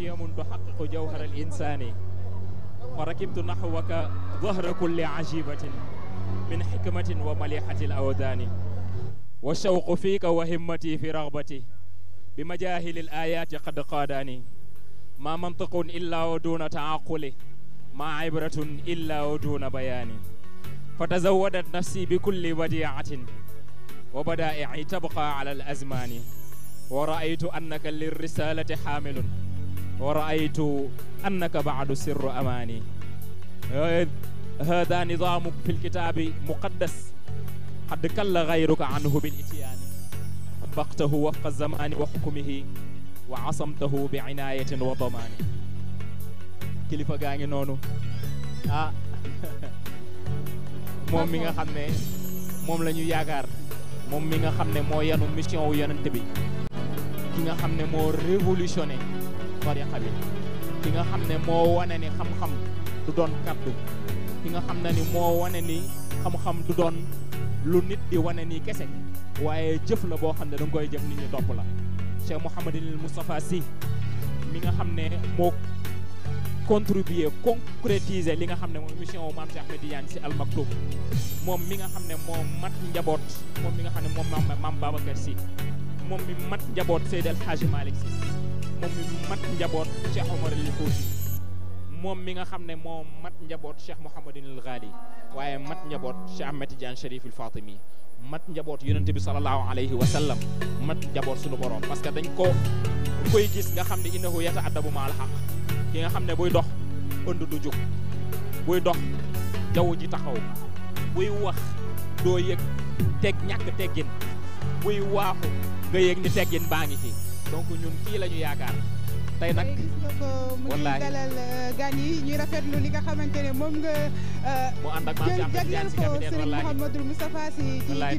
يوم تحقق جوهر الإنسان وركبت نحوك ظهر كل عجيبة من حكمة ومليحة الأوذان والشوق فيك وهمتي في رغبتي بمجاهل الآيات قد قاداني ما منطق إلا ودون تعاقل ما عبرة إلا ودون بيان فتزودت نفسي بكل بديعة وبدائعي تبقى على الأزمان ورأيت أنك للرسالة حامل wa raaytu annaka baadu sirru amaani hada nidaamuk fi lkitaabi muqaddas xad kalla gayruka anhu bil ityaani طبقته وفق الزمان وحكمه وعصمته بعناية وضمان kilifa gaa ngi noonu ah moom mi nga xam ne moom la ñu yaakaar moom mi nga xam ne moo yanu mission wu yonent bi ki nga xam ne moo révolutionné tariqa bi ki nga xam ne moo wane ni xam-xam du doon kaddu ki nga xam ne ni moo wane ni xam-xam du doon lu nit di wane nii kese waaye jëf la boo xam ne da nga koy jëf nit ñi topp la Cheikh Mouhamadinil Moustapha si mi nga xam ne moo contribuer concrétiser li nga xam ne mooy mission wu maam Cheikh Ahmed Tidiane Sy Al Maktoum moom mi nga xam ne moo mat njaboot moo mi nga xam ne moom maam Babacar Sy moom mi mat njaboot Seydi El Hadji Malick moom mi mat njaboot Cheikh Omar al moom mi nga xam ne moo mat njaboot Cheikh Mouhamadinil Ghali waaye mat njaboot Cheikh Ahmed Tidiane Chérif al Fatimi mat njaboot yonente bi salallahu alayhi wa sallam mat njaboot suñu borom parce que dañ ko koy gis nga xam ne innahu yata addabu maal xaq ki nga xam ne buy dox ënd du jug buy dox jaww ji taxaw buy wax doo yëg teg ñàkk teggin buy waaxu nga yëg ni teggin baa ngi fi donc ñun kii la ñu yaakaar tey nag gis nga ko mu ngi dalal euh, gan yi ñuy rafetlu li nga xamante ne moom nga euh, mu ànd ak maam jagleel ko Serigne Mouhamadou Moustapha Sy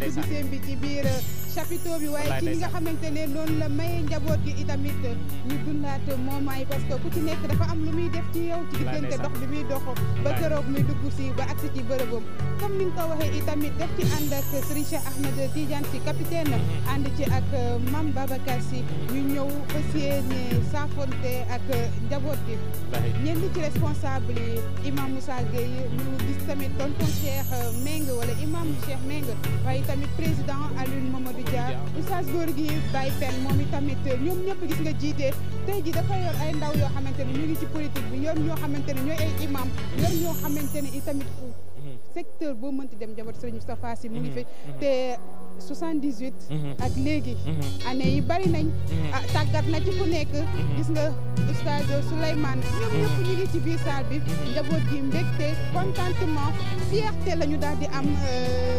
ci ci bi ci biir euh, chapiteau bi waaye ci ñi nga xamante ne noonu la maye njaboot gi itamit ñu dundaat moment yi parce que ku ci nekk dafa am lu muy def ci yow ci diggante dox bi muy dox ba keroog muy dugg si ba agsi ci bërëbam comme ni nga ko waxee itamit def ci ànd ak Serigne Cheikh Ahmed Tidiane si capitaine mhm. ànd ci ak euh, Mame Babacar si ñu ñëw fas yéene ak njaboot gi ñenn ci responsable yi imam Moussa Gueye ñu gis tamit tonton Cheikh euh, Meng wala imam Cheikh Meng waaye tamit président Alioune Mamadou Dia oustaz góor gi Baye Pen moom itamit ñoom ñëpp gis nga jiite tey ji dafa yor ay ndaw yoo xamante ne ñu ngi ci politique bi yor ñoo xamante ne ñooy ay imam yor ñoo xamante ne itamit secteur boo mënti dem jabar Serigne Moustapha Sy mu ngi fi mhm. te 78 mhm. ak léegi mhm. ah, ci ku bi njaboot gi mbégte contentement fierté la ñu daal di am euh,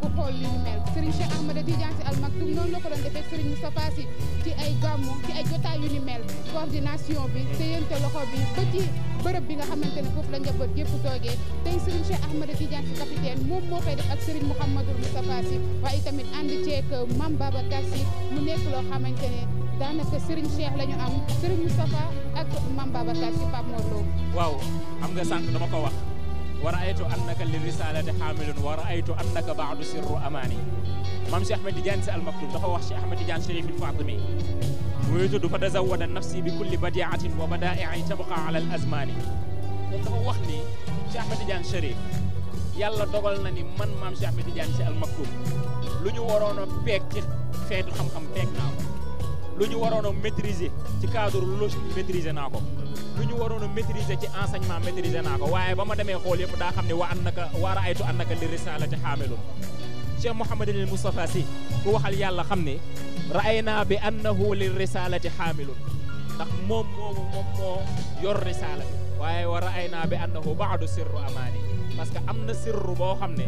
ku xool li ñu mel Serigne Cheikh Ahmada Tidiane Sy Al Maktoum noonu la ko doon defee Serigne Moustapha Sy ci ay gàmmu ci ay jotaay yu ni mel coordination bi téyante loxo bi ba ci bërëb bi nga xamante ne foofu la njaboot gépp toogee tey Serigne Cheikh Ahmada Tidiane Sy capitaine moom moo koy def ak Serigne Mouhamadou Moustapha Sy waaye tamit ànd ceeg euh, Mame Babacar Sy mu nekk loo xamante ne daanaka Serigne Cheikh la ñu am Serigne Moustapha ak Mame Babacar Sy Pape Mor Lo sànq dama ko wax wa raaytu annaka li risalati xaamilun wa raaytu annaka baadu sirru amaani maam Cheikh Ahmed Tidiane si almaktum dafa wax Cheikh Ahmed Tidiane Chérif il Fatimi muy tudd fa tazawada nafsi bi kulli badiatin wa badaa'i tabqa ala al azmaani moom dafa wax ni Cheikh Ahmed Tidiane Chérif yàlla dogal na ni man maam Cheikh Ahmed Tidiane si almaktum lu ñu waroon a peeg ci xeetu xam-xam peeg naa ko lu ñu waroon a maîtriser ci cadre logique maîtriser naa ko lu ñu waroon a maîtriser ci enseignement maîtriser naa ko waaye ba ma demee xool yëpp daa xam ne wa an naka waara aytu an naka li risalati xaamilun cheikh mouhamadinil moustapha si ku waxal yàlla xam ne ra'ay naa bi annahu li risalati xaamilun ndax moom moomu moom moo waaye wa ra'ay naa bi annahu baadu sirru amaani parce que am na sirru boo xam ne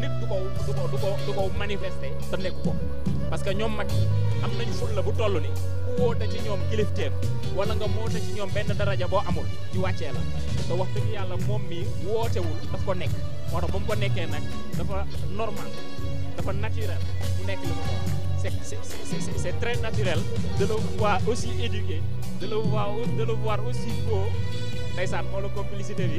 nit du ko du du ko du ko manifester nekk ko parce que ñoom mag am nañu la bu toll ni ku woote ci ñoom kilifteef wala nga woote ci ñoom benn daraja boo amul ci wàccee la te wax dëgg yàlla moom mi wootewul daf ko nekk moo tax ba nekkee nag dafa normal dafa naturel nekk li mu ko c'est très naturel de le voir aussi éduqué de le voir aussi beau ndeysaan xoolu complicité bi.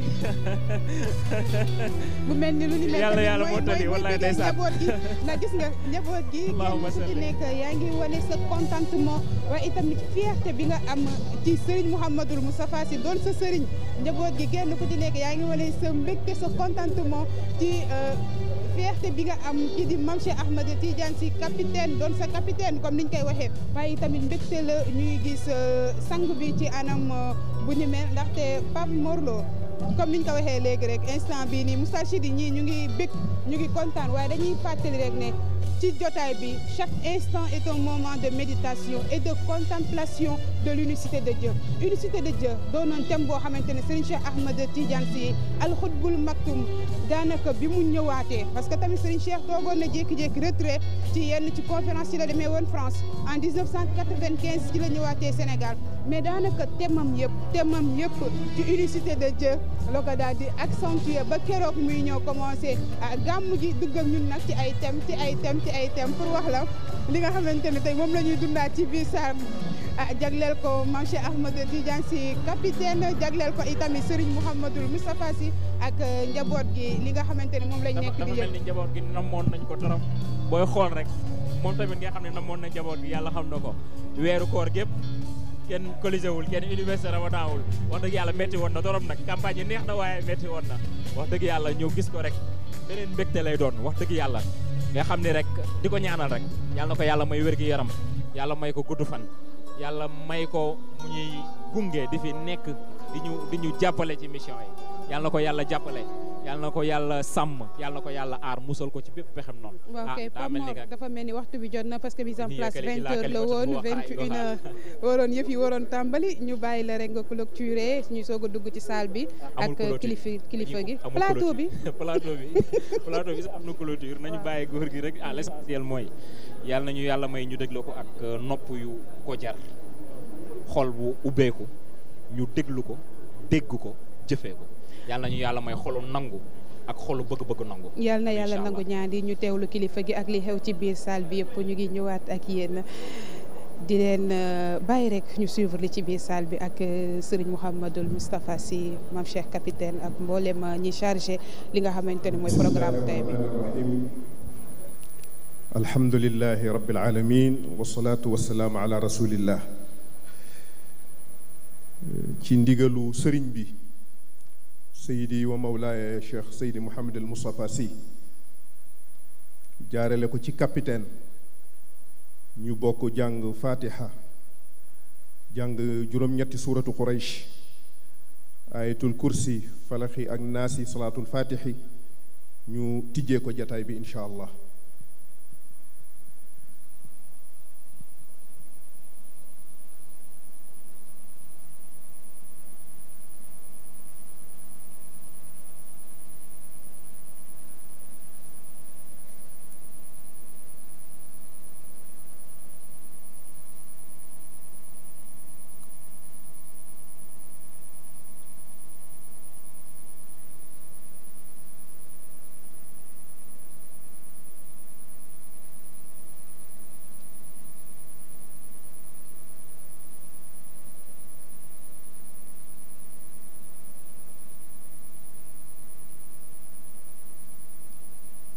bu mel ni lu ni mel yàlla yàlla moo tali wallaay ndeysaan njaboot gi ndax gis nga njaboot gi kenn ku ci nekk yaa ngi wane sa contentement waaye itamit fierté bi nga am ci Serigne Mouhamadul Moustapha Sy doon sa Serigne njaboot gi kenn ku ci nekk yaa ngi wane sa mbégte sa contentement ci euh, fierté bi nga am kii di Mame Cheikh yi Tidiane Sy capitaine doon sa capitaine comme niñ koy waxee waaye tamit mbégte la ñuy gis euh, sang bi ci anam euh, bu ni mel ndaxte Pape Mor Lo comme ni ñu ko waxee léegi rek instant bi nii Moustarchidines yi ñii ñu ngi bég ñu ngi kontaan waaye dañuy fàttali rek ne ci jotaay bi chaque instant est un moment de méditation et de contemplation de l'unicité de Dieu unicité de Dieu doonoon thème boo xamante ne Serigne Cheikh Ahmed Tidiane Sy alxutbul maktum daanaka bi mu ñëwaatee parce que tamit Serigne Cheikh toogoon na jékki-jékki retrait ci yenn ci conférence yi la demee woon France en 1995 ci la ñëwaatee Sénégal mais daanaka temam yëpp temam yëpp ci unicité de Dieu la daa daal di accentuer ba keroog muy ñëw commencé ah, gàmm ji dugg ak ñun nag ci ay thème ci ay ci ay thème pour wax la li nga xamante ne tey moom la ñuy dundaat ci biir Sarr ah, jagleel ko Mame Cheikh Ahmed Tidiane Sy capitaine jagleel ko itamit Serigne Mouhamadoul Moustapha si ak euh, njaboot gi ni nga xamante ne moom lañ nekk di na dafa mel ni njaboot gi namoon nañ ko torop booy xool rek moom tamit nga xam ne namoon na njaboot gi yàlla xam noo ko weeru koor gépp kenn collégé wul kenn université ramadan wul wax dëgg yàlla métti woon na dorom nag campagne neex na waaye métti woon na wax dëgg yàlla ñëw gis ko rek beneen mbégte lay doon wax dëgg yàlla nga xam ne rek di ko ñaanal rek yàlla ko yàlla may wér gi yaram yàlla may ko gudd fan yàlla may ko mu gunge di fi nekk di ñu di ñu jàppale ci mission yi yàlla na ko yàlla jàppale yal na ko yàlla sàmm yal na ko yàlla aar musal ko ci bépp pexem noonu. waaw ah, kay Pape Mor dafa mel ni waxtu bi jot na parce que mise en place vingt heures la woon vingt une heures waroon yëf yi waroon tàmbali ñu bàyyi la rek nga clôturer ñu soog a dugg ci saal bi. ak kilifa kilifa gi plateau bi. plateau bi plateau bi sax am na clôture nañu bàyyi góor gi rek ah l'essentiel mooy yàlla na ñu yàlla may ñu dégloo ko ak euh, nopp yu ko jar xol bu ubbeeku ñu déglu ko dégg ko jëfee ko. yàlla nañu yàlla may xolu nangu ak xolu bëgg-bëgg nangu. yal na yàlla nangu ñaan yi ñu teewlu kilifa gi ak li xew ci biir salle bi yëpp ñu gi ngi waat ak yéen di leen euh, bàyyi rek ñu suivre li ci biir saal bi ak euh, sëriñ Mouhamadul Moustapha Sy Mame Cheikh capitaine ak mboolem euh, ñi chargé li nga xamante ne mooy programme tey bi. ndigalu sëriñ bi. seydi wa mawlaaya cheikh sayidi Mouhamed El Moustapha Sy jaarale ko ci capitaine ñu bokk jàng fatiha jàng juróom-ñetti suuratu Quraysh ayatul kursi falaxi ak naasi salaatul fatihi ñu tijjee ko jataay bi incha allah